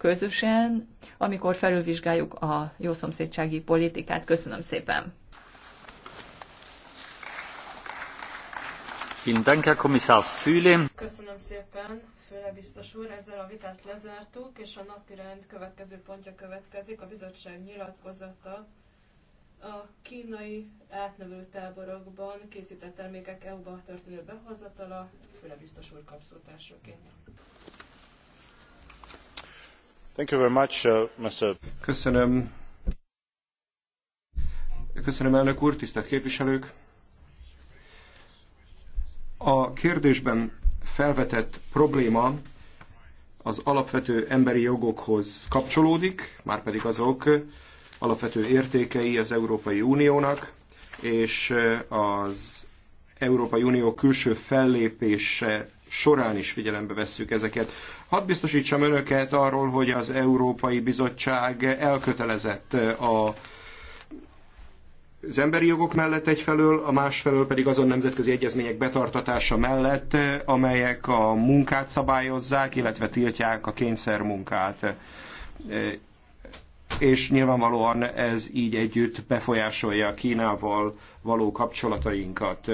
közösen, amikor felülvizsgáljuk a jószomszédsági politikát. Köszönöm szépen! Köszönöm szépen, főle biztos úr, ezzel a vitát lezártuk, és a napirend következő pontja következik, a bizottság nyilatkozata a kínai átnevelő táborokban készített termékek EU-ba történő behozatala, főle biztos úr kapszótársaként. Uh, Köszönöm. Köszönöm, elnök úr, tisztelt képviselők. A kérdésben felvetett probléma az alapvető emberi jogokhoz kapcsolódik, márpedig azok alapvető értékei az Európai Uniónak, és az Európai Unió külső fellépése során is figyelembe vesszük ezeket. Hadd biztosítsam önöket arról, hogy az Európai Bizottság elkötelezett eh, a az emberi jogok mellett egyfelől, a másfelől pedig azon nemzetközi egyezmények betartatása mellett, eh, amelyek a munkát szabályozzák, illetve tiltják a kényszermunkát. Eh, és nyilvánvalóan ez így együtt befolyásolja Kínával való kapcsolatainkat.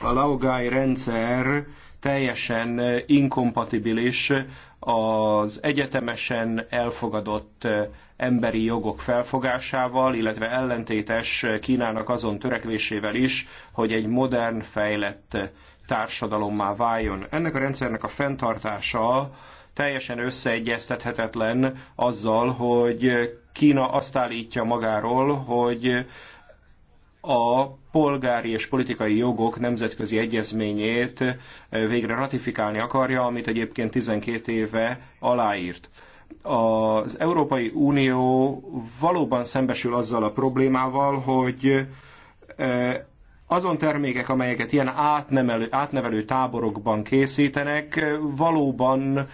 A Laogai rendszer teljesen eh, inkompatibilis az egyetemesen elfogadott eh, emberi jogok felfogásával, illetve ellentétes eh, Kínának azon törekvésével is, hogy egy modern, fejlett társadalommá váljon. Ennek a rendszernek a fenntartása teljesen összeegyeztethetetlen azzal, hogy Kína azt állítja magáról, hogy a polgári és politikai jogok nemzetközi egyezményét eh, végre ratifikálni akarja, amit egyébként 12 éve aláírt. Az Európai Unió valóban szembesül azzal a problémával, hogy eh, azon termékek, amelyeket ilyen átnevelő, átnevelő táborokban készítenek, eh, valóban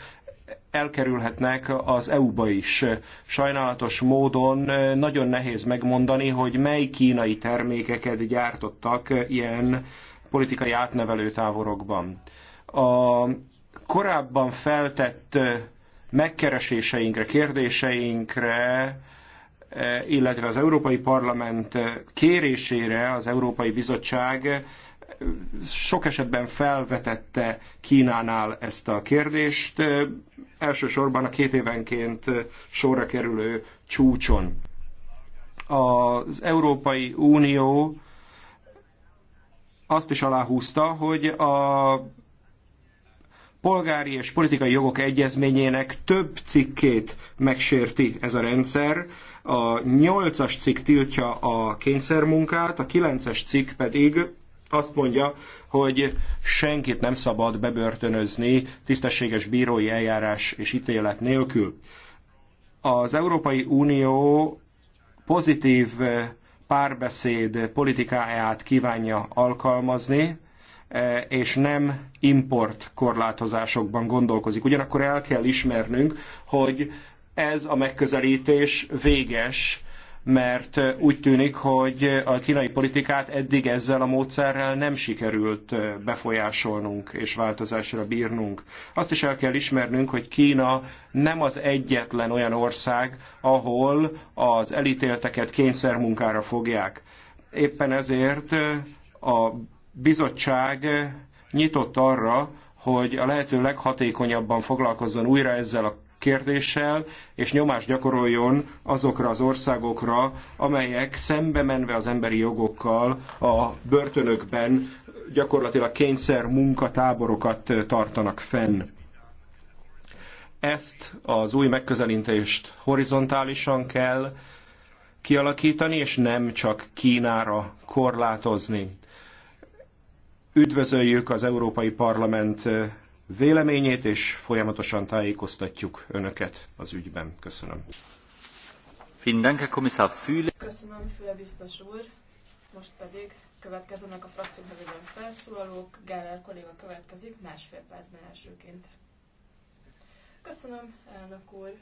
elkerülhetnek az EU-ba is. Sajnálatos módon nagyon nehéz megmondani, hogy mely kínai termékeket gyártottak ilyen politikai átnevelő távorokban. A korábban feltett megkereséseinkre, kérdéseinkre, illetve az Európai Parlament kérésére az Európai Bizottság sok esetben felvetette Kínánál ezt a kérdést, elsősorban a két évenként sorra kerülő csúcson. Az Európai Unió azt is aláhúzta, hogy a polgári és politikai jogok egyezményének több cikkét megsérti ez a rendszer. A 8-as cikk tiltja a kényszermunkát, a 9-es cikk pedig azt mondja, hogy senkit nem szabad bebörtönözni tisztességes bírói eljárás és ítélet nélkül. Az Európai Unió pozitív párbeszéd politikáját kívánja alkalmazni, és nem import korlátozásokban gondolkozik. Ugyanakkor el kell ismernünk, hogy ez a megközelítés véges mert úgy tűnik, hogy a kínai politikát eddig ezzel a módszerrel nem sikerült befolyásolnunk és változásra bírnunk. Azt is el kell ismernünk, hogy Kína nem az egyetlen olyan ország, ahol az elítélteket kényszermunkára fogják. Éppen ezért a bizottság nyitott arra, hogy a lehető leghatékonyabban foglalkozzon újra ezzel a kérdéssel, és nyomást gyakoroljon azokra az országokra, amelyek szembe menve az emberi jogokkal a börtönökben gyakorlatilag kényszer munkatáborokat tartanak fenn. Ezt az új megközelítést horizontálisan kell kialakítani, és nem csak Kínára korlátozni. Üdvözöljük az Európai Parlament véleményét, és folyamatosan tájékoztatjuk Önöket az ügyben. Köszönöm. Köszönöm, Füle biztos úr. Most pedig következőnek a frakció nevében felszólalók. Geller kolléga következik másfél percben elsőként. Köszönöm, elnök úr.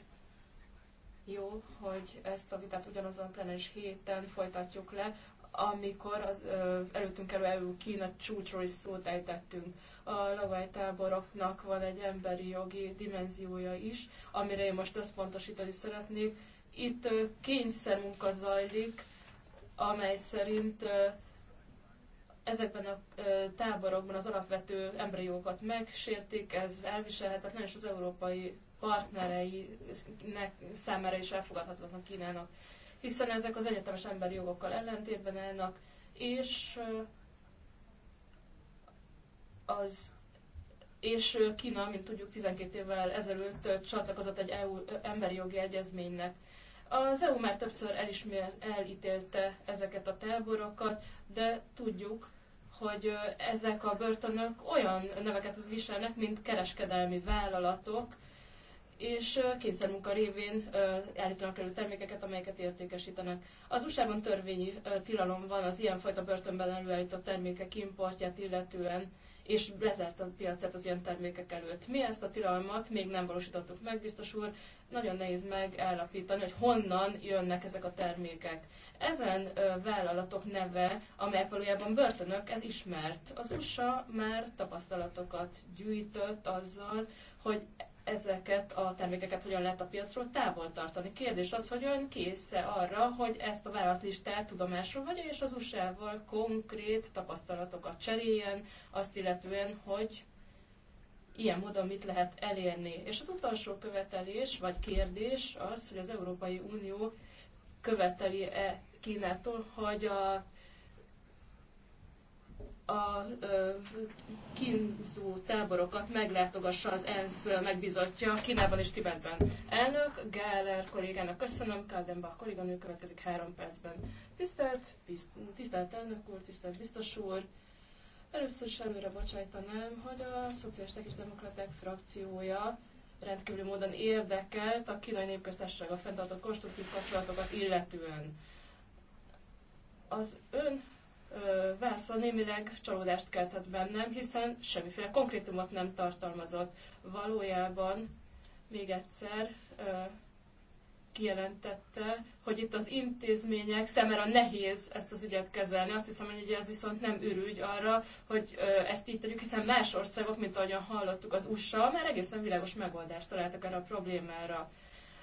Jó, hogy ezt a vitát ugyanazon a plenáris héten folytatjuk le amikor az előttünk elő EU-Kína csúcsról is szót ejtettünk. A táboroknak van egy emberi jogi dimenziója is, amire én most összpontosítani szeretnék. Itt kényszermunka zajlik, amely szerint ezekben a táborokban az alapvető emberi jogokat megsértik, ez elviselhetetlen, és az európai partnereinek számára is elfogadhatatlan Kínának hiszen ezek az egyetemes emberi jogokkal ellentétben állnak, és az és Kína, mint tudjuk, 12 évvel ezelőtt csatlakozott egy EU emberi jogi egyezménynek. Az EU már többször elismér, elítélte ezeket a táborokat, de tudjuk, hogy ezek a börtönök olyan neveket viselnek, mint kereskedelmi vállalatok, és kényszermunka révén állítanak elő termékeket, amelyeket értékesítenek. Az USA-ban törvényi tilalom van az ilyenfajta börtönben előállított termékek importját illetően, és lezárt a piacát az ilyen termékek előtt. Mi ezt a tilalmat még nem valósítottuk meg, biztos úr, nagyon nehéz megállapítani, hogy honnan jönnek ezek a termékek. Ezen vállalatok neve, amelyek valójában börtönök, ez ismert. Az USA már tapasztalatokat gyűjtött azzal, hogy ezeket a termékeket hogyan lehet a piacról távol tartani. Kérdés az, hogy ön kész arra, hogy ezt a vállalatlistát tudomásul vagy és az USA-val konkrét tapasztalatokat cseréljen, azt illetően, hogy ilyen módon mit lehet elérni. És az utolsó követelés vagy kérdés az, hogy az Európai Unió követeli-e Kínától, hogy a a kínzó táborokat meglátogassa az ENSZ megbizotja Kínában és Tibetben. Elnök Gáler kollégának köszönöm, Kaldenbach kolléganő következik három percben. Tisztelt, bizt, tisztelt elnök úr, tisztelt biztos úr, Először is előre bocsájtanám, hogy a Szocialisták és Demokraták frakciója rendkívüli módon érdekelt a kínai a fenntartott konstruktív kapcsolatokat illetően. Az ön válasza némileg csalódást keltett bennem, hiszen semmiféle konkrétumot nem tartalmazott. Valójában még egyszer kijelentette, hogy itt az intézmények szemére nehéz ezt az ügyet kezelni. Azt hiszem, hogy ez viszont nem ürügy arra, hogy ezt így tegyük, hiszen más országok, mint ahogyan hallottuk az USA, már egészen világos megoldást találtak erre a problémára.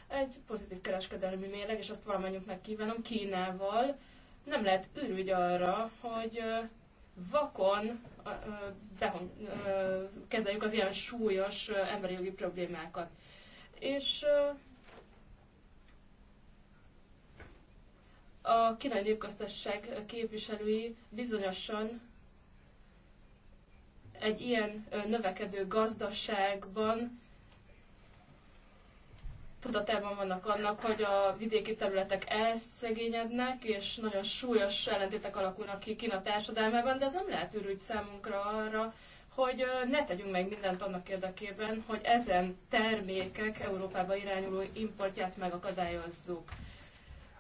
Egy pozitív kereskedelmi mérleg, és azt valamennyüknek kívánom, Kínával, nem lehet ürügy arra, hogy vakon behon, kezeljük az ilyen súlyos emberi jogi problémákat. És a kínai népköztesség képviselői bizonyosan egy ilyen növekedő gazdaságban tudatában vannak annak, hogy a vidéki területek elszegényednek, és nagyon súlyos ellentétek alakulnak ki Kína társadalmában, de ez nem lehet ürügy számunkra arra, hogy ne tegyünk meg mindent annak érdekében, hogy ezen termékek Európába irányuló importját megakadályozzuk.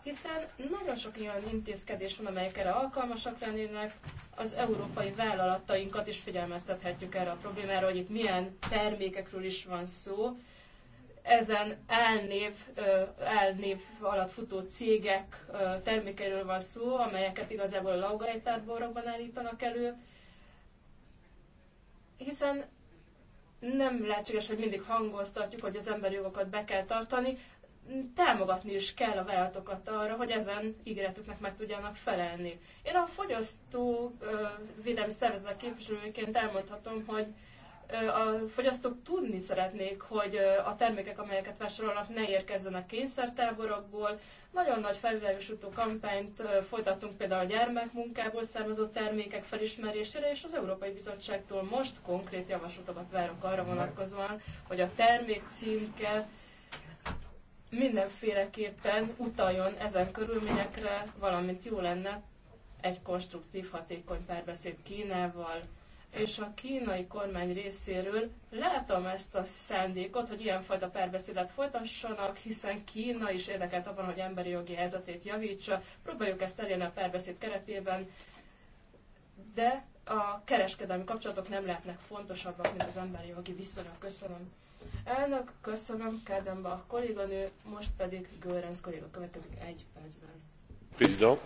Hiszen nagyon sok ilyen intézkedés van, amelyek erre alkalmasak lennének, az európai vállalatainkat is figyelmeztethetjük erre a problémára, hogy itt milyen termékekről is van szó, ezen elnév, elnév alatt futó cégek termékeiről van szó, amelyeket igazából a laugajtárborokban állítanak elő, hiszen nem lehetséges, hogy mindig hangoztatjuk, hogy az emberi jogokat be kell tartani, támogatni is kell a vállalatokat arra, hogy ezen ígéretüknek meg tudjanak felelni. Én a fogyasztó védelmi szervezetek képviselőként elmondhatom, hogy a fogyasztók tudni szeretnék, hogy a termékek, amelyeket vásárolnak, ne érkezzenek kényszertáborokból. Nagyon nagy felvilágosító kampányt folytattunk például a gyermekmunkából származó termékek felismerésére, és az Európai Bizottságtól most konkrét javaslatokat várok arra vonatkozóan, hogy a termék címke mindenféleképpen utaljon ezen körülményekre, valamint jó lenne egy konstruktív, hatékony párbeszéd Kínával, és a kínai kormány részéről látom ezt a szándékot, hogy ilyenfajta párbeszédet folytassanak, hiszen Kína is érdekelt abban, hogy emberi jogi helyzetét javítsa. Próbáljuk ezt elérni a párbeszéd keretében, de a kereskedelmi kapcsolatok nem lehetnek fontosabbak, mint az emberi jogi viszonyok. Köszönöm. Elnök, köszönöm, Kádemba a kolléganő, most pedig Görenc kolléga következik egy percben.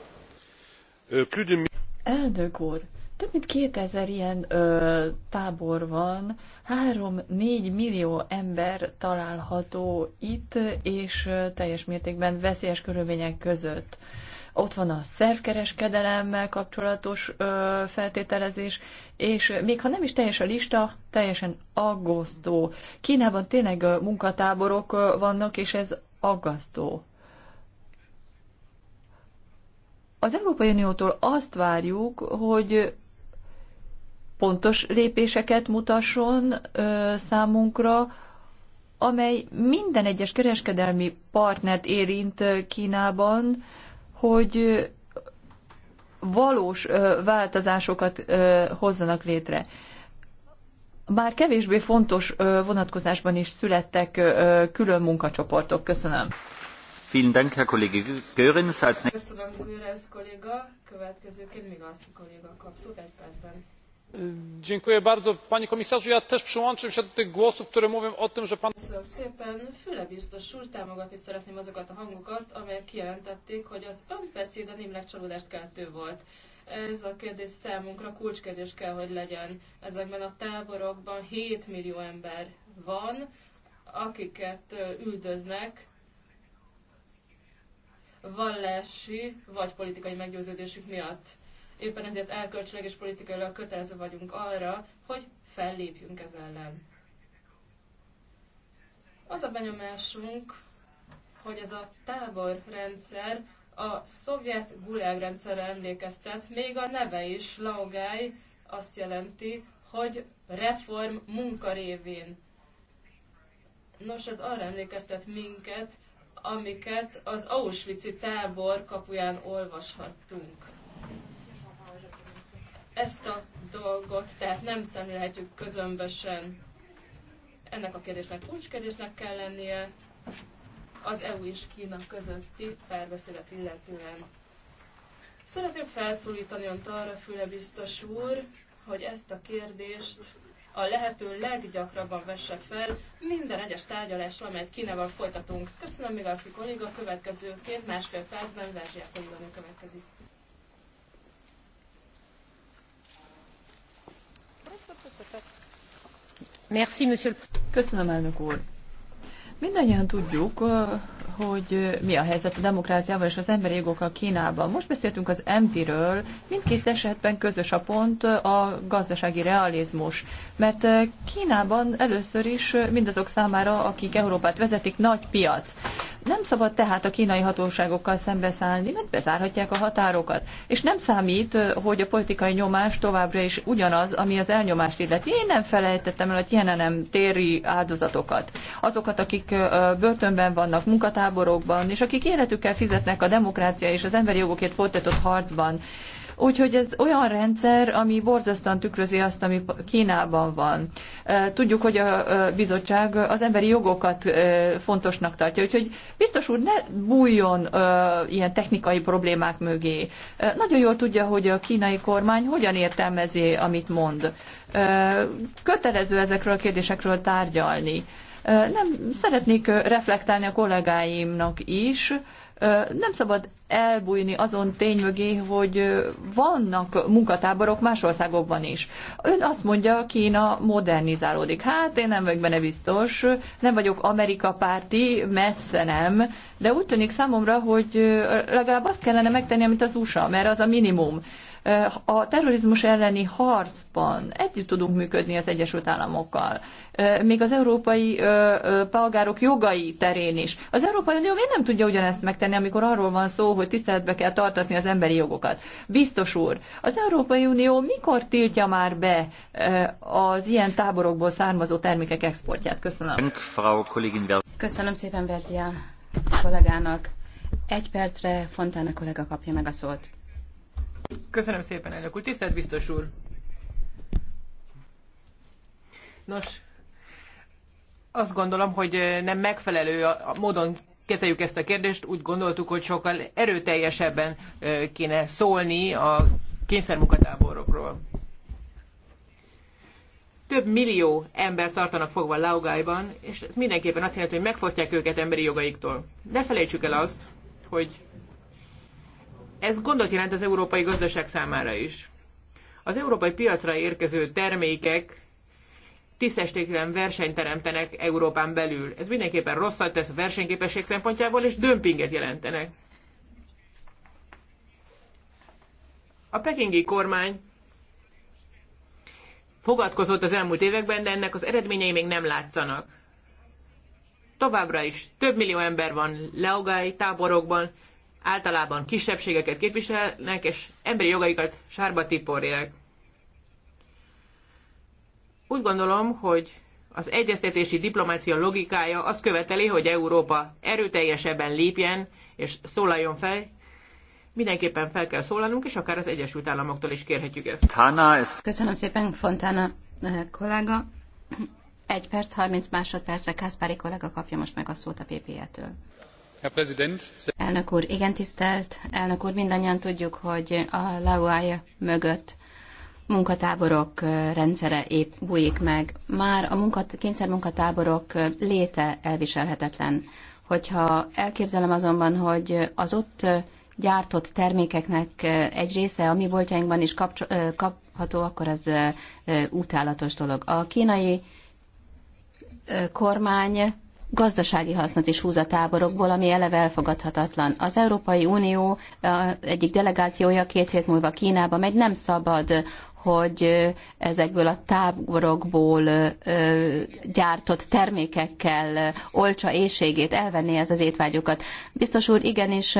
Euh, Elnök úr, több mint 2000 ilyen ö, tábor van, 3-4 millió ember található itt, és teljes mértékben veszélyes körülmények között. Ott van a szervkereskedelemmel kapcsolatos ö, feltételezés, és még ha nem is teljes a lista, teljesen aggasztó. Kínában tényleg munkatáborok vannak, és ez aggasztó. Az Európai Uniótól azt várjuk, hogy pontos lépéseket mutasson ö, számunkra, amely minden egyes kereskedelmi partnert érint Kínában, hogy valós változásokat hozzanak létre. Már kevésbé fontos vonatkozásban is születtek külön munkacsoportok. Köszönöm. Vielen Dank, Herr Kollege Görens. Köszönöm, Görens kolléga. Következőként még az kolléga kap egy percben. Panie komisarzu, ja też przyłączam się do tych głosów, które mówią o tym, że pan... Füle biztos úr, támogatni szeretném azokat a hangokat, amelyek kijelentették, hogy az önbeszéd a némileg csalódást keltő volt. Ez a kérdés számunkra kulcskérdés kell, hogy legyen. Ezekben a táborokban 7 millió ember van, akiket üldöznek, vallási vagy politikai meggyőződésük miatt Éppen ezért elkölcsileg és politikailag kötelező vagyunk arra, hogy fellépjünk ez ellen. Az a benyomásunk, hogy ez a táborrendszer a szovjet gulágrendszerre emlékeztet, még a neve is, Laogai, azt jelenti, hogy reform munkarévén. Nos, ez arra emlékeztet minket, amiket az Auschwitz tábor kapuján olvashattunk. Ezt a dolgot tehát nem szemlélhetjük közömbösen. Ennek a kérdésnek kulcskérdésnek kell lennie az EU és Kína közötti párbeszédet illetően. Szeretném felszólítani önt arra, Füle biztos úr, hogy ezt a kérdést a lehető leggyakrabban vesse fel minden egyes tárgyalásra, amelyet Kínával folytatunk. Köszönöm, Migalszki kolléga, következőként másfél percben Verzsiák kolléganő következik. Köszönöm, elnök úr. Mindannyian tudjuk, hogy mi a helyzet a demokráciával és az emberi jogokkal Kínában. Most beszéltünk az MP-ről, mindkét esetben közös a pont a gazdasági realizmus, mert Kínában először is mindazok számára, akik Európát vezetik, nagy piac. Nem szabad tehát a kínai hatóságokkal szembeszállni, mert bezárhatják a határokat. És nem számít, hogy a politikai nyomás továbbra is ugyanaz, ami az elnyomást illeti. Én nem felejtettem el a nem téri áldozatokat. Azokat, akik börtönben vannak, munkatáborokban, és akik életükkel fizetnek a demokrácia és az emberi jogokért folytatott harcban. Úgyhogy ez olyan rendszer, ami borzasztóan tükrözi azt, ami Kínában van. Tudjuk, hogy a bizottság az emberi jogokat fontosnak tartja, úgyhogy biztos úr ne bújjon ilyen technikai problémák mögé. Nagyon jól tudja, hogy a kínai kormány hogyan értelmezi, amit mond. Kötelező ezekről a kérdésekről tárgyalni. Nem szeretnék reflektálni a kollégáimnak is, nem szabad elbújni azon tény mögé, hogy vannak munkatáborok más országokban is. Ön azt mondja, Kína modernizálódik. Hát én nem vagyok benne biztos, nem vagyok Amerika párti, messze nem, de úgy tűnik számomra, hogy legalább azt kellene megtenni, amit az USA, mert az a minimum a terrorizmus elleni harcban együtt tudunk működni az Egyesült Államokkal, még az európai polgárok jogai terén is. Az Európai Unió miért nem tudja ugyanezt megtenni, amikor arról van szó, hogy tiszteletbe kell tartatni az emberi jogokat? Biztos úr, az Európai Unió mikor tiltja már be az ilyen táborokból származó termékek exportját? Köszönöm. Köszönöm szépen, Verzia kollégának. Egy percre Fontana kollega kapja meg a szót. Köszönöm szépen, elnök úr. Tisztelt biztos úr! Nos, azt gondolom, hogy nem megfelelő a módon kezeljük ezt a kérdést. Úgy gondoltuk, hogy sokkal erőteljesebben kéne szólni a kényszermunkatáborokról. Több millió ember tartanak fogva Laugájban, és ez mindenképpen azt jelenti, hogy megfosztják őket emberi jogaiktól. Ne felejtsük el azt, hogy ez gondot jelent az európai gazdaság számára is. Az európai piacra érkező termékek tisztestéklen versenyt teremtenek Európán belül. Ez mindenképpen rosszat tesz a versenyképesség szempontjából, és dömpinget jelentenek. A pekingi kormány fogadkozott az elmúlt években, de ennek az eredményei még nem látszanak. Továbbra is több millió ember van leogály táborokban, általában kisebbségeket képviselnek, és emberi jogaikat sárba tiporják. Úgy gondolom, hogy az egyeztetési diplomácia logikája azt követeli, hogy Európa erőteljesebben lépjen és szólaljon fel, mindenképpen fel kell szólalnunk, és akár az Egyesült Államoktól is kérhetjük ezt. Köszönöm szépen, Fontana eh, kollega. Egy perc, 30 másodpercre Kászpári kollega kapja most meg a szót a PPE-től. Elnök úr, igen tisztelt. Elnök úr, mindannyian tudjuk, hogy a Lauája mögött munkatáborok rendszere épp bújik meg. Már a munkat, kényszermunkatáborok léte elviselhetetlen. Hogyha elképzelem azonban, hogy az ott gyártott termékeknek egy része a mi boltjainkban is kapcsol, kapható, akkor ez utálatos dolog. A kínai kormány gazdasági hasznot is húz a táborokból, ami eleve elfogadhatatlan. Az Európai Unió egyik delegációja két hét múlva Kínába megy, nem szabad, hogy ezekből a táborokból gyártott termékekkel olcsa éjségét elvenné ez az étvágyokat. Biztos úr, igenis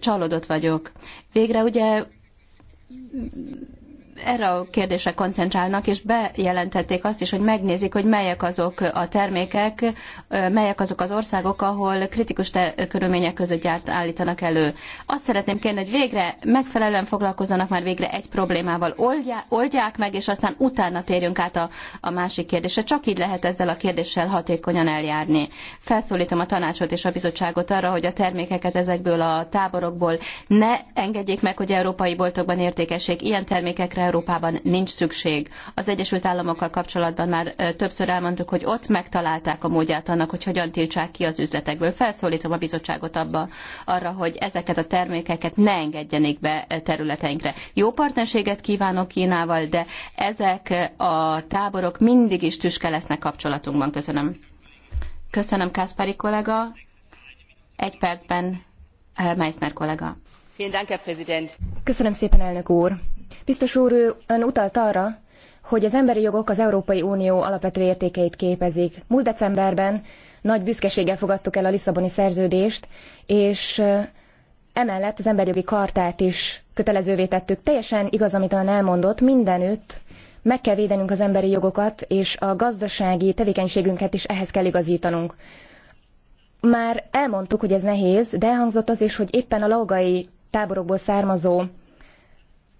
csalódott vagyok. Végre ugye erre a kérdésre koncentrálnak, és bejelentették azt is, hogy megnézik, hogy melyek azok a termékek, melyek azok az országok, ahol kritikus körülmények között gyárt állítanak elő. Azt szeretném kérni, hogy végre megfelelően foglalkozzanak már végre egy problémával. Oldják, oldják meg, és aztán utána térjünk át a, a másik kérdésre. Csak így lehet ezzel a kérdéssel hatékonyan eljárni. Felszólítom a tanácsot és a bizottságot arra, hogy a termékeket ezekből a táborokból ne engedjék meg, hogy európai boltokban értékessék. Ilyen termékekre Európában nincs szükség. Az Egyesült Államokkal kapcsolatban már többször elmondtuk, hogy ott megtalálták a módját annak, hogy hogyan tiltsák ki az üzletekből. Felszólítom a bizottságot abba, arra, hogy ezeket a termékeket ne engedjenék be területeinkre. Jó partnerséget kívánok Kínával, de ezek a táborok mindig is tüske lesznek kapcsolatunkban. Köszönöm. Köszönöm, Kászpári kollega. Egy percben Meissner kollega. Köszönöm szépen, elnök úr. Biztos úr, ön utalt arra, hogy az emberi jogok az Európai Unió alapvető értékeit képezik. Múlt decemberben nagy büszkeséggel fogadtuk el a Lisszaboni szerződést, és emellett az emberi jogi kartát is kötelezővé tettük. Teljesen igaz, amit ön elmondott, mindenütt meg kell védenünk az emberi jogokat, és a gazdasági tevékenységünket is ehhez kell igazítanunk. Már elmondtuk, hogy ez nehéz, de elhangzott az is, hogy éppen a laogai táborokból származó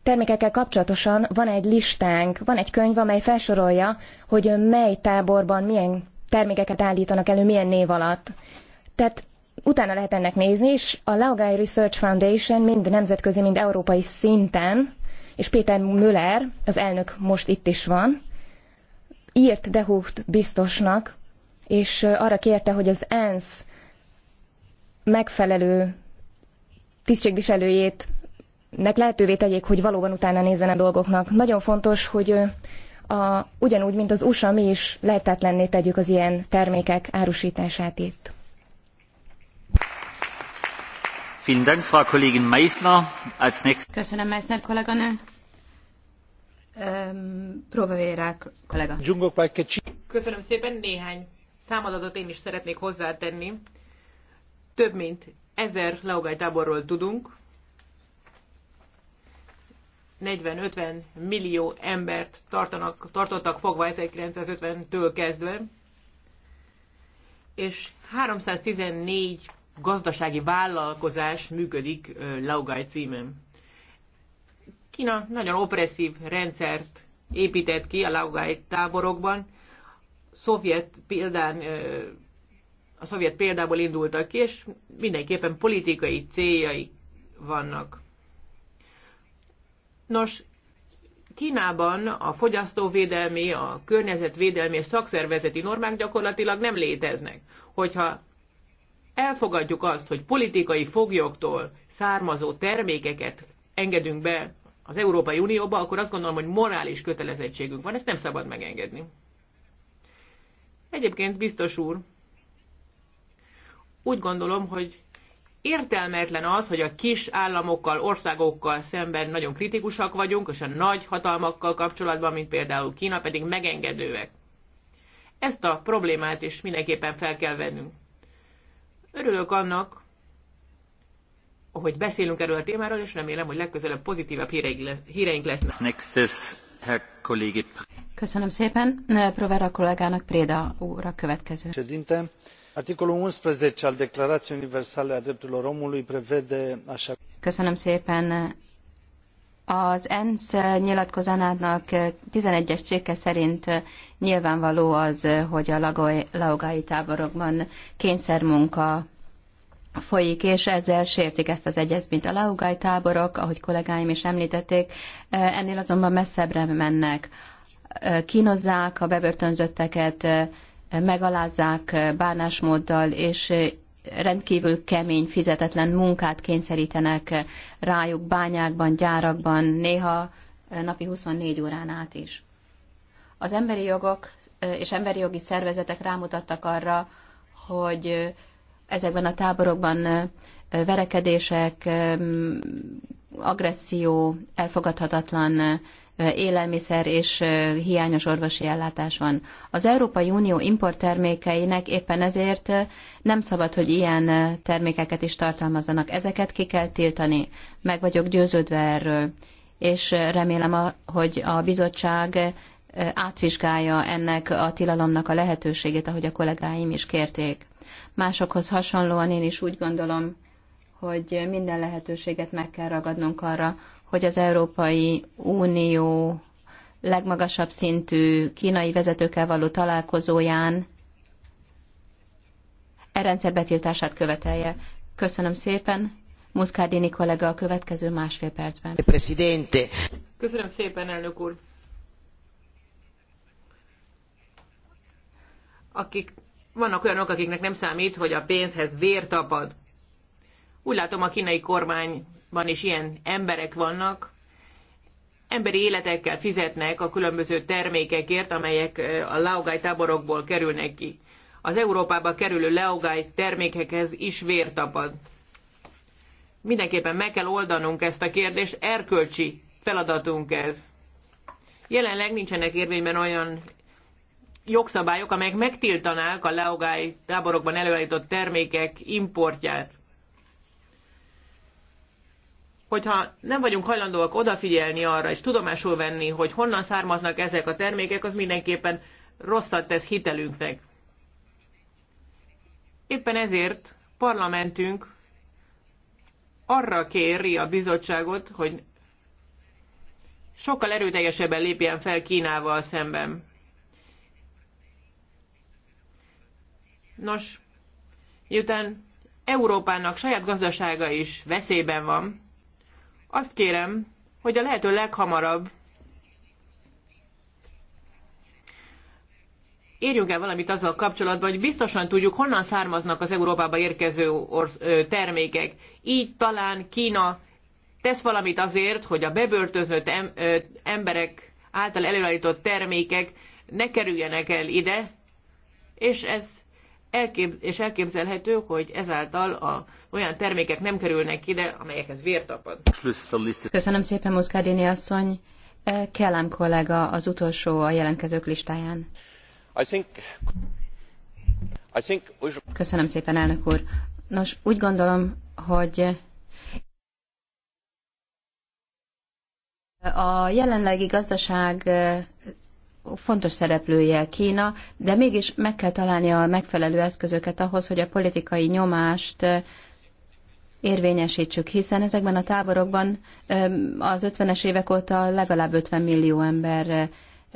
termékekkel kapcsolatosan van egy listánk, van egy könyv, amely felsorolja, hogy mely táborban milyen termékeket állítanak elő, milyen név alatt. Tehát utána lehet ennek nézni, és a Laogai Research Foundation mind nemzetközi, mind európai szinten, és Péter Müller, az elnök most itt is van, írt Dehucht biztosnak, és arra kérte, hogy az ENSZ megfelelő tisztségviselőjét nek lehetővé tegyék, hogy valóban utána nézzen a dolgoknak. Nagyon fontos, hogy a, ugyanúgy, mint az USA, mi is lehetetlenné tegyük az ilyen termékek árusítását itt. Köszönöm, Meissner kolléganő. Um, Provera kollega. Köszönöm szépen, néhány számadatot én is szeretnék hozzátenni. Több mint ezer leogálytáborról tudunk, 40-50 millió embert tartanak, tartottak fogva 1950-től kezdve, és 314 gazdasági vállalkozás működik Laogai címen. Kína nagyon opresszív rendszert épített ki a Laogai táborokban. Szovjet példán, a szovjet példából indultak ki, és mindenképpen politikai céljai vannak. Nos, Kínában a fogyasztóvédelmi, a környezetvédelmi és szakszervezeti normák gyakorlatilag nem léteznek. Hogyha elfogadjuk azt, hogy politikai foglyoktól származó termékeket engedünk be az Európai Unióba, akkor azt gondolom, hogy morális kötelezettségünk van, ezt nem szabad megengedni. Egyébként biztos úr, úgy gondolom, hogy értelmetlen az, hogy a kis államokkal, országokkal szemben nagyon kritikusak vagyunk, és a nagy hatalmakkal kapcsolatban, mint például Kína, pedig megengedőek. Ezt a problémát is mindenképpen fel kell vennünk. Örülök annak, hogy beszélünk erről a témáról, és remélem, hogy legközelebb pozitívabb híreink lesznek. Köszönöm szépen. Provera kollégának Préda úr a következő articolul unsprezece al declarației universale a drepturilor omului prevede așa. Köszönöm szépen. Az ENSZ nyilatkozatának 11-es cikke szerint nyilvánvaló az, hogy a laogai táborokban kényszermunka folyik, és ezzel sértik ezt az egyezményt. A laugai táborok, ahogy kollégáim is említették, ennél azonban messzebbre mennek. Kínozzák a bebörtönzötteket, megalázzák bánásmóddal, és rendkívül kemény, fizetetlen munkát kényszerítenek rájuk bányákban, gyárakban, néha napi 24 órán át is. Az emberi jogok és emberi jogi szervezetek rámutattak arra, hogy ezekben a táborokban verekedések, agresszió, elfogadhatatlan élelmiszer és hiányos orvosi ellátás van. Az Európai Unió importtermékeinek éppen ezért nem szabad, hogy ilyen termékeket is tartalmazzanak. Ezeket ki kell tiltani. Meg vagyok győződve erről, és remélem, hogy a bizottság átvizsgálja ennek a tilalomnak a lehetőségét, ahogy a kollégáim is kérték. Másokhoz hasonlóan én is úgy gondolom, hogy minden lehetőséget meg kell ragadnunk arra, hogy az Európai Unió legmagasabb szintű kínai vezetőkkel való találkozóján e rendszer betiltását követelje. Köszönöm szépen. Muszkárdini kollega a következő másfél percben. Presidente. Köszönöm szépen, elnök úr. Akik, vannak olyanok, akiknek nem számít, hogy a pénzhez vér tapad. Úgy látom, a kínai kormány van is ilyen emberek vannak, emberi életekkel fizetnek a különböző termékekért, amelyek eh, a laogai táborokból kerülnek ki. Az Európába kerülő laogai termékekhez is vér tapad. Mindenképpen meg kell oldanunk ezt a kérdést, erkölcsi feladatunk ez. Jelenleg nincsenek érvényben olyan jogszabályok, amelyek megtiltanák a laogai táborokban előállított termékek importját hogyha nem vagyunk hajlandóak odafigyelni arra, és tudomásul venni, hogy honnan származnak ezek a termékek, az mindenképpen rosszat tesz hitelünknek. Éppen ezért parlamentünk arra kéri a bizottságot, hogy sokkal erőteljesebben lépjen fel Kínával szemben. Nos, miután Európának saját gazdasága is veszélyben van, azt kérem, hogy a lehető leghamarabb érjünk el valamit azzal kapcsolatban, hogy biztosan tudjuk, honnan származnak az Európába érkező orsz, termékek. Így talán Kína tesz valamit azért, hogy a bebörtözött emberek által előállított termékek ne kerüljenek el ide, és ez elkép- és elképzelhető, hogy ezáltal a, olyan termékek nem kerülnek ide, amelyekhez vértapad. Köszönöm szépen, Muszkádini asszony. E, Kellem kollega az utolsó a jelentkezők listáján. I think... I think... Köszönöm szépen, elnök úr. Nos, úgy gondolom, hogy a jelenlegi gazdaság fontos szereplője Kína, de mégis meg kell találni a megfelelő eszközöket ahhoz, hogy a politikai nyomást eh, érvényesítsük, hiszen ezekben a táborokban eh, az 50-es évek óta legalább 50 millió ember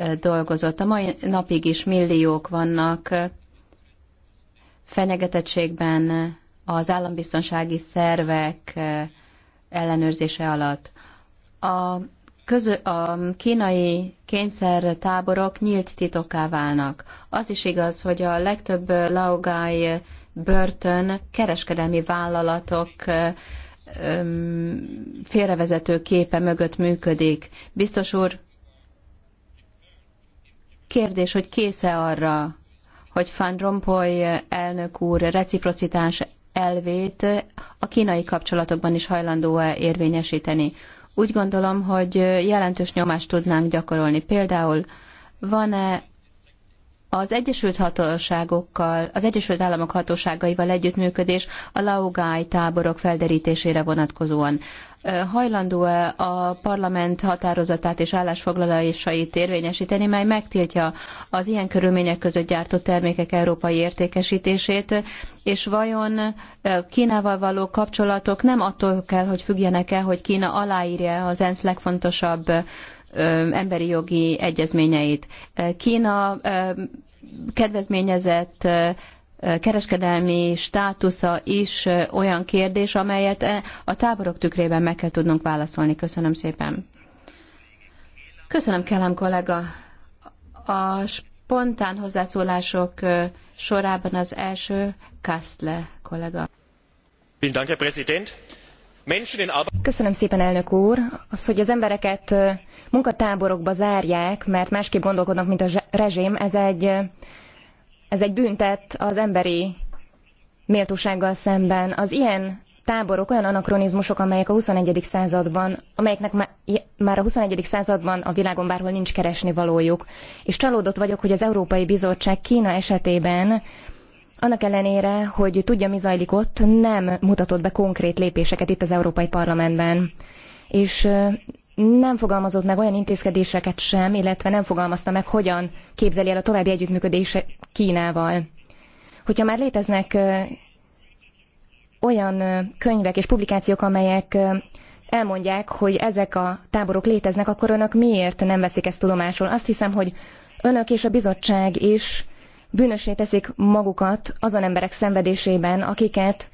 eh, dolgozott. A mai napig is milliók vannak fenyegetettségben az állambiztonsági szervek ellenőrzése alatt. A közö, a kínai kényszertáborok nyílt titoká válnak. Az is igaz, hogy a legtöbb laogai börtön kereskedelmi vállalatok félrevezető képe mögött működik. Biztos úr, kérdés, hogy késze arra, hogy Van Rompuy elnök úr reciprocitás elvét a kínai kapcsolatokban is hajlandó-e érvényesíteni úgy gondolom, hogy jelentős nyomást tudnánk gyakorolni. Például van-e az Egyesült Hatóságokkal, az Egyesült Államok hatóságaival együttműködés a Laogai táborok felderítésére vonatkozóan hajlandó-e a parlament határozatát és állásfoglalásait érvényesíteni, mely megtiltja az ilyen körülmények között gyártott termékek európai értékesítését, és vajon Kínával való kapcsolatok nem attól kell, hogy függjenek el, hogy Kína aláírja az ENSZ legfontosabb emberi jogi egyezményeit. Kína kedvezményezett kereskedelmi státusza is olyan kérdés, amelyet a táborok tükrében meg kell tudnunk válaszolni. Köszönöm szépen. Köszönöm, Kellem kollega. A spontán hozzászólások sorában az első Kastle kollega. Köszönöm szépen, elnök úr. Az, hogy az embereket munkatáborokba zárják, mert másképp gondolkodnak, mint a rezsim, ez egy ez egy büntet az emberi méltósággal szemben. Az ilyen táborok olyan anakronizmusok, amelyek a 21. században, amelyeknek már a 21. században a világon bárhol nincs keresni valójuk. És csalódott vagyok, hogy az Európai Bizottság Kína esetében annak ellenére, hogy tudja, mi zajlik ott, nem mutatott be konkrét lépéseket itt az Európai Parlamentben. És nem fogalmazott meg olyan intézkedéseket sem, illetve nem fogalmazta meg, hogyan képzeli el a további együttműködése Kínával. Hogyha már léteznek olyan könyvek és publikációk, amelyek elmondják, hogy ezek a táborok léteznek, akkor önök miért nem veszik ezt tudomásul? Azt hiszem, hogy önök és a bizottság is bűnösé teszik magukat azon emberek szenvedésében, akiket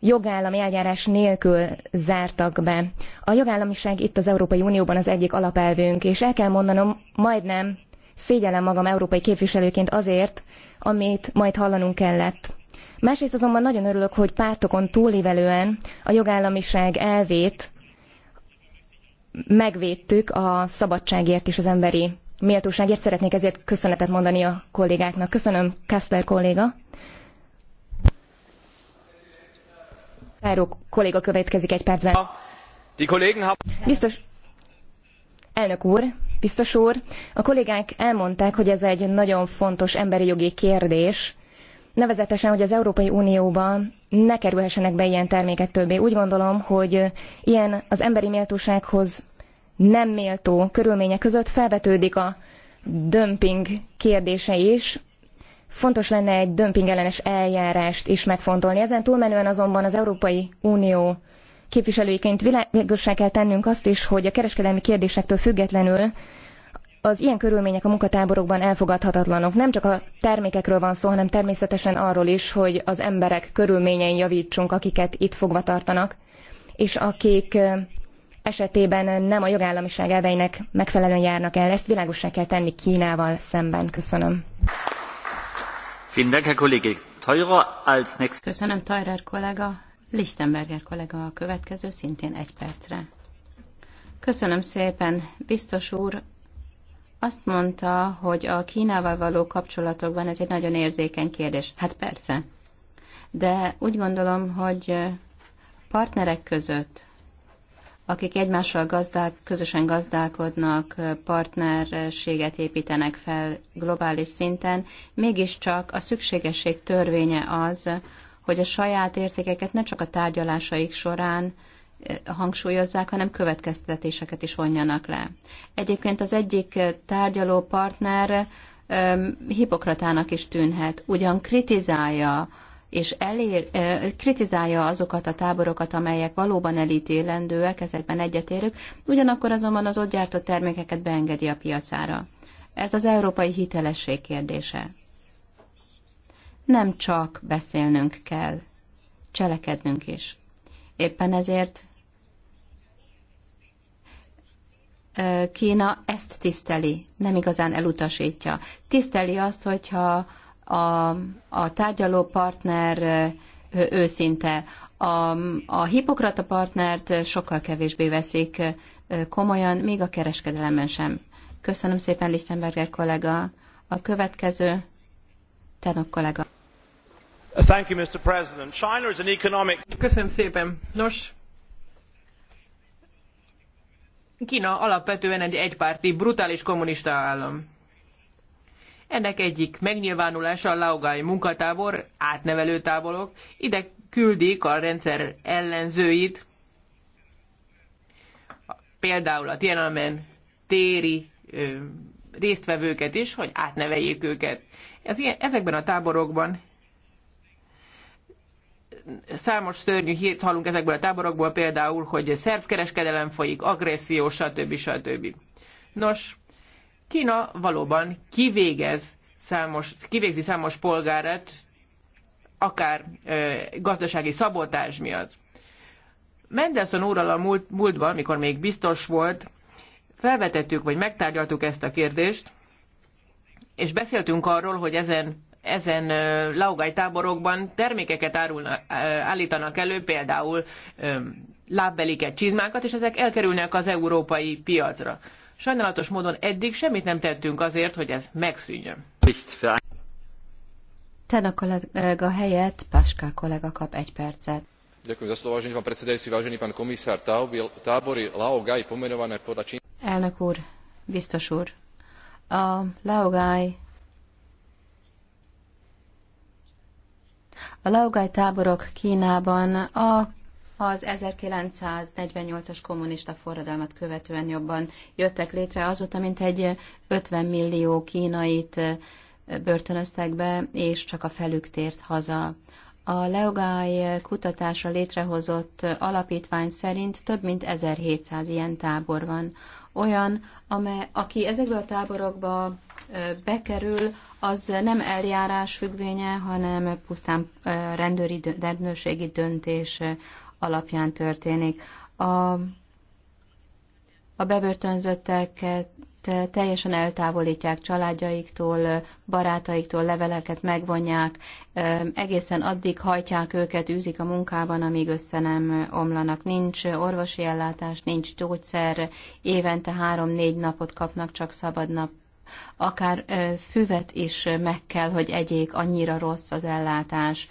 jogállami eljárás nélkül zártak be. A jogállamiság itt az Európai Unióban az egyik alapelvünk, és el kell mondanom, majdnem szégyellem magam európai képviselőként azért, amit majd hallanunk kellett. Másrészt azonban nagyon örülök, hogy pártokon túlívelően a jogállamiság elvét megvédtük a szabadságért és az emberi méltóságért. Szeretnék ezért köszönetet mondani a kollégáknak. Köszönöm, Kessler kolléga. kolléga következik egy percben. Biztos, elnök úr, biztos úr, a kollégák elmondták, hogy ez egy nagyon fontos emberi jogi kérdés, nevezetesen, hogy az Európai Unióba ne kerülhessenek be ilyen termékek többé. Úgy gondolom, hogy ilyen az emberi méltósághoz nem méltó körülmények között felvetődik a dömping kérdése is, Fontos lenne egy dömpingellenes eljárást is megfontolni. Ezen túlmenően azonban az Európai Unió képviselőiként világossá kell tennünk azt is, hogy a kereskedelmi kérdésektől függetlenül az ilyen körülmények a munkatáborokban elfogadhatatlanok. Nem csak a termékekről van szó, hanem természetesen arról is, hogy az emberek körülményein javítsunk, akiket itt fogva tartanak, és akik esetében nem a jogállamiság elveinek megfelelően járnak el. Ezt világosan kell tenni Kínával szemben. Köszönöm. Köszönöm, Teurer kollega. Lichtenberger kollega a következő, szintén egy percre. Köszönöm szépen, biztos úr. Azt mondta, hogy a Kínával való kapcsolatokban ez egy nagyon érzékeny kérdés. Hát persze. De úgy gondolom, hogy partnerek között akik egymással gazdál, közösen gazdálkodnak, partnerséget építenek fel globális szinten, mégiscsak a szükségesség törvénye az, hogy a saját értékeket ne csak a tárgyalásaik során eh, hangsúlyozzák, hanem következtetéseket is vonjanak le. Egyébként az egyik tárgyaló partner Hipokratának is tűnhet, ugyan kritizálja és elér, kritizálja azokat a táborokat, amelyek valóban elítélendőek, ezekben egyetérők, ugyanakkor azonban az ott gyártott termékeket beengedi a piacára. Ez az európai hitelesség kérdése. Nem csak beszélnünk kell, cselekednünk is. Éppen ezért Kína ezt tiszteli, nem igazán elutasítja. Tiszteli azt, hogyha a, a tárgyaló partner őszinte. A, a hipokrata partnert sokkal kevésbé veszik komolyan, még a kereskedelemben sem. Köszönöm szépen, Lichtenberger kollega. A következő, Tenok kollega. Thank you, Mr. President. China is an economic... Köszönöm szépen. Nos, Kína alapvetően egy egypárti, brutális kommunista állam ennek egyik megnyilvánulása a laogai munkatábor, átnevelő táborok. Ide küldik a rendszer ellenzőit, például a Tiananmen téri ö, résztvevőket is, hogy átneveljék őket. Ez ilyen, ezekben a táborokban számos szörnyű hírt hallunk ezekből a táborokból, például, hogy szervkereskedelem folyik, agresszió, stb. stb. Nos, Kína valóban kivégez számos, kivégzi számos polgárat, akár ö, gazdasági szabotás miatt. Mendelszon úrral a múlt, múltban, mikor még biztos volt, felvetettük, vagy megtárgyaltuk ezt a kérdést, és beszéltünk arról, hogy ezen, ezen laugai táborokban termékeket árulna, állítanak elő, például lábbeliket, csizmákat, és ezek elkerülnek az európai piacra. Sajnálatos módon eddig semmit nem tettünk azért, hogy ez megszűnjön. Tena kollega helyett Paska kollega kap egy percet. Ďakujem za slovo, vážený pán predsedajúci, vážený pán komisár. Tábory Laogai pomenované podľa Čín... Elnök úr, biztos úr, a Laogai a Laogai táborok Kínában a az 1948-as kommunista forradalmat követően jobban jöttek létre, azóta mint egy 50 millió kínait börtönöztek be, és csak a felük tért haza. A Leogály kutatásra létrehozott alapítvány szerint több mint 1700 ilyen tábor van. Olyan, amely, aki ezekből a táborokba bekerül, az nem eljárás függvénye, hanem pusztán rendőri, rendőrségi döntés alapján történik. A, a bebörtönzötteket teljesen eltávolítják családjaiktól, barátaiktól, leveleket megvonják, egészen addig hajtják őket, űzik a munkában, amíg össze nem omlanak. Nincs orvosi ellátás, nincs gyógyszer, évente három-négy napot kapnak csak szabad nap. Akár füvet is meg kell, hogy egyék, annyira rossz az ellátás,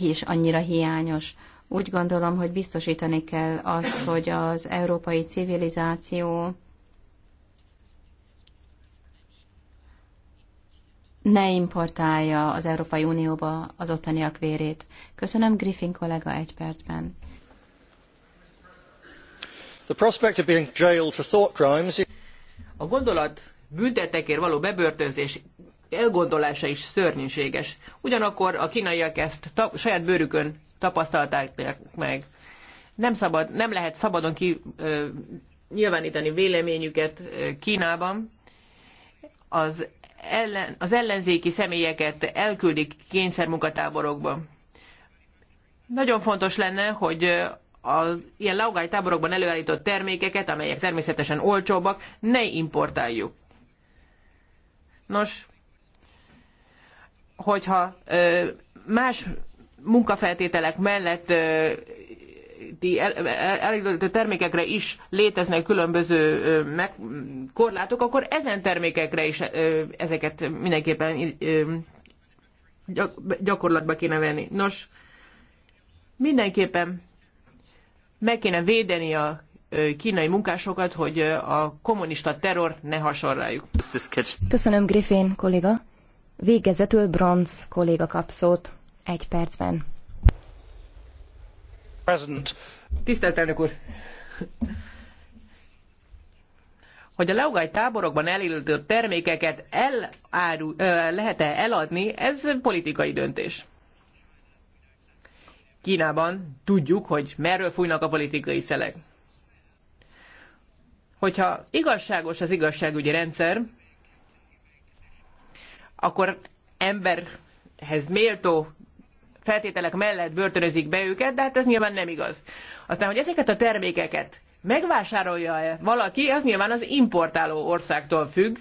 és annyira hiányos. Úgy gondolom, hogy biztosítani kell azt, hogy az európai civilizáció ne importálja az Európai Unióba az ottaniak vérét. Köszönöm, Griffin kollega egy percben. The prospect of being jailed for thought crimes... A gondolat büntetekért való bebörtönzés elgondolása is szörnyűséges. Ugyanakkor a kínaiak ezt saját bőrükön tapasztalták meg. Nem, szabad, nem lehet szabadon ki ö, nyilvánítani véleményüket Kínában. Az, ellen, az ellenzéki személyeket elküldik kényszermunkatáborokba. Nagyon fontos lenne, hogy az ilyen laogai táborokban előállított termékeket, amelyek természetesen olcsóbbak, ne importáljuk. Nos, hogyha más munkafeltételek mellett elindított termékekre is léteznek különböző korlátok, akkor ezen termékekre is ezeket mindenképpen gyakorlatba kéne venni. Nos, mindenképpen meg kéne védeni a kínai munkásokat, hogy a kommunista terror ne hason rájuk. Köszönöm, Griffin kolléga. Végezetül Bronz kolléga kap szót egy percben. Tisztelt elnök úr! hogy a leugaj táborokban elillető termékeket lehet-e eladni, ez politikai döntés. Kínában tudjuk, hogy merről fújnak a politikai szelek. Hogyha igazságos az igazságügyi rendszer, akkor emberhez méltó feltételek mellett börtönözik be őket, de hát ez nyilván nem igaz. Aztán, hogy ezeket a termékeket megvásárolja-e valaki, az nyilván az importáló országtól függ.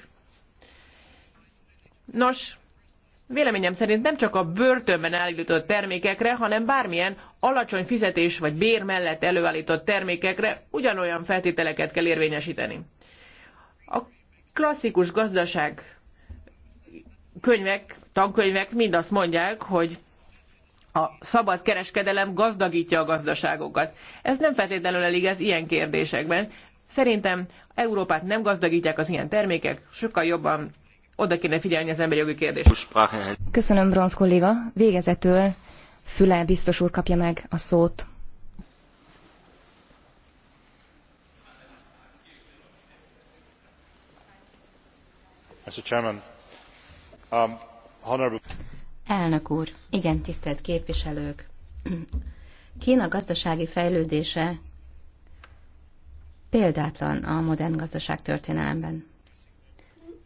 Nos, véleményem szerint nem csak a börtönben állított termékekre, hanem bármilyen alacsony fizetés vagy bér mellett előállított termékekre ugyanolyan feltételeket kell érvényesíteni. A klasszikus gazdaság könyvek, tankönyvek mind azt mondják, hogy a szabad kereskedelem gazdagítja a gazdaságokat. Ez nem feltétlenül elég ez ilyen kérdésekben. Szerintem Európát nem gazdagítják az ilyen termékek, sokkal jobban oda kéne figyelni az emberi jogi kérdésre. Köszönöm, Bronz kolléga. Végezetül Füle biztos úr kapja meg a szót. Mr. Chairman, um, honorable... Elnök úr, igen, tisztelt képviselők. Kína gazdasági fejlődése példátlan a modern gazdaság történelemben.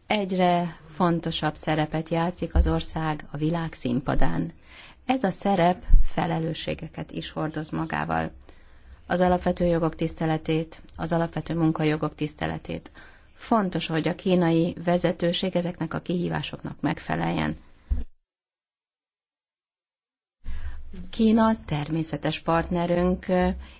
Egyre fontosabb szerepet játszik az ország a világ színpadán. Ez a szerep felelősségeket is hordoz magával. Az alapvető jogok tiszteletét, az alapvető munkajogok tiszteletét. Fontos, hogy a kínai vezetőség ezeknek a kihívásoknak megfeleljen. Kína természetes partnerünk,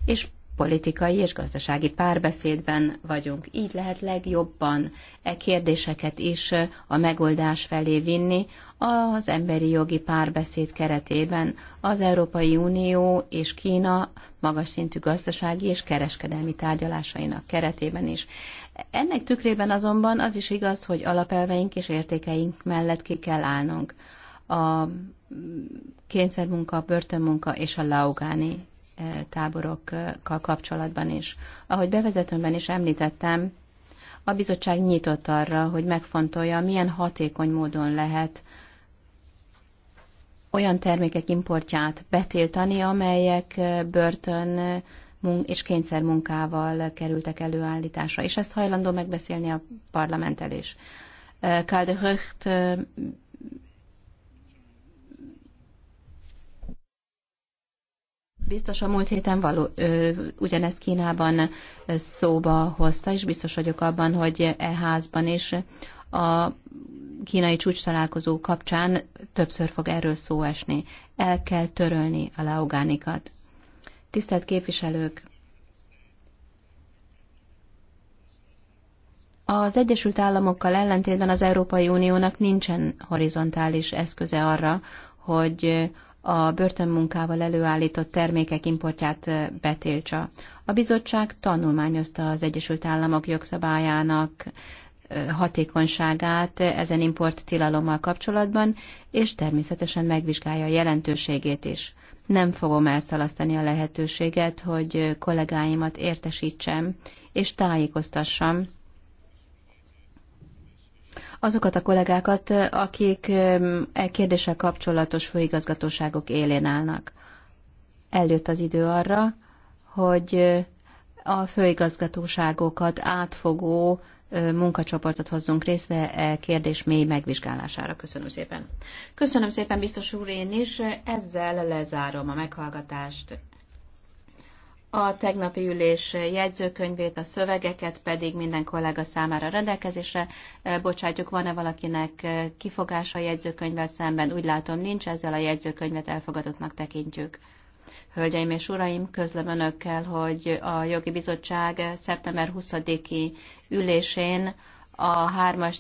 és politikai és gazdasági párbeszédben vagyunk. Így lehet legjobban e kérdéseket is a megoldás felé vinni az emberi jogi párbeszéd keretében. Az Európai Unió és Kína magas szintű gazdasági és kereskedelmi tárgyalásainak keretében is. Ennek tükrében azonban az is igaz, hogy alapelveink és értékeink mellett ki kell állnunk a kényszermunka, börtönmunka és a laugáni e, táborokkal kapcsolatban is. Ahogy bevezetőmben is említettem, a bizottság nyitott arra, hogy megfontolja, milyen hatékony módon lehet olyan termékek importját betiltani, amelyek e, börtön és kényszermunkával kerültek előállításra, és ezt hajlandó megbeszélni a parlamenttel is. höcht e, Biztos a múlt héten való, ö, ugyanezt Kínában szóba hozta, és biztos vagyok abban, hogy e házban is a kínai csúcs találkozó kapcsán többször fog erről szó esni. El kell törölni a laogánikat. Tisztelt képviselők! Az Egyesült Államokkal ellentétben az Európai Uniónak nincsen horizontális eszköze arra, hogy a börtönmunkával előállított termékek importját betiltsa. A bizottság tanulmányozta az Egyesült Államok jogszabályának hatékonyságát ezen import tilalommal kapcsolatban, és természetesen megvizsgálja a jelentőségét is. Nem fogom elszalasztani a lehetőséget, hogy kollégáimat értesítsem és tájékoztassam azokat a kollégákat, akik e kérdéssel kapcsolatos főigazgatóságok élén állnak. Eljött az idő arra, hogy a főigazgatóságokat átfogó munkacsoportot hozzunk részre e kérdés mély megvizsgálására. Köszönöm szépen. Köszönöm szépen, biztos úr, én is. Ezzel lezárom a meghallgatást. A tegnapi ülés jegyzőkönyvét, a szövegeket pedig minden kollega számára rendelkezésre eh, bocsátjuk. Van-e valakinek eh, kifogása a jegyzőkönyvvel szemben? Úgy látom, nincs, ezzel a jegyzőkönyvet elfogadottnak tekintjük. Hölgyeim és uraim, közlöm önökkel, hogy a jogi bizottság szeptember 20-i ülésén a hármas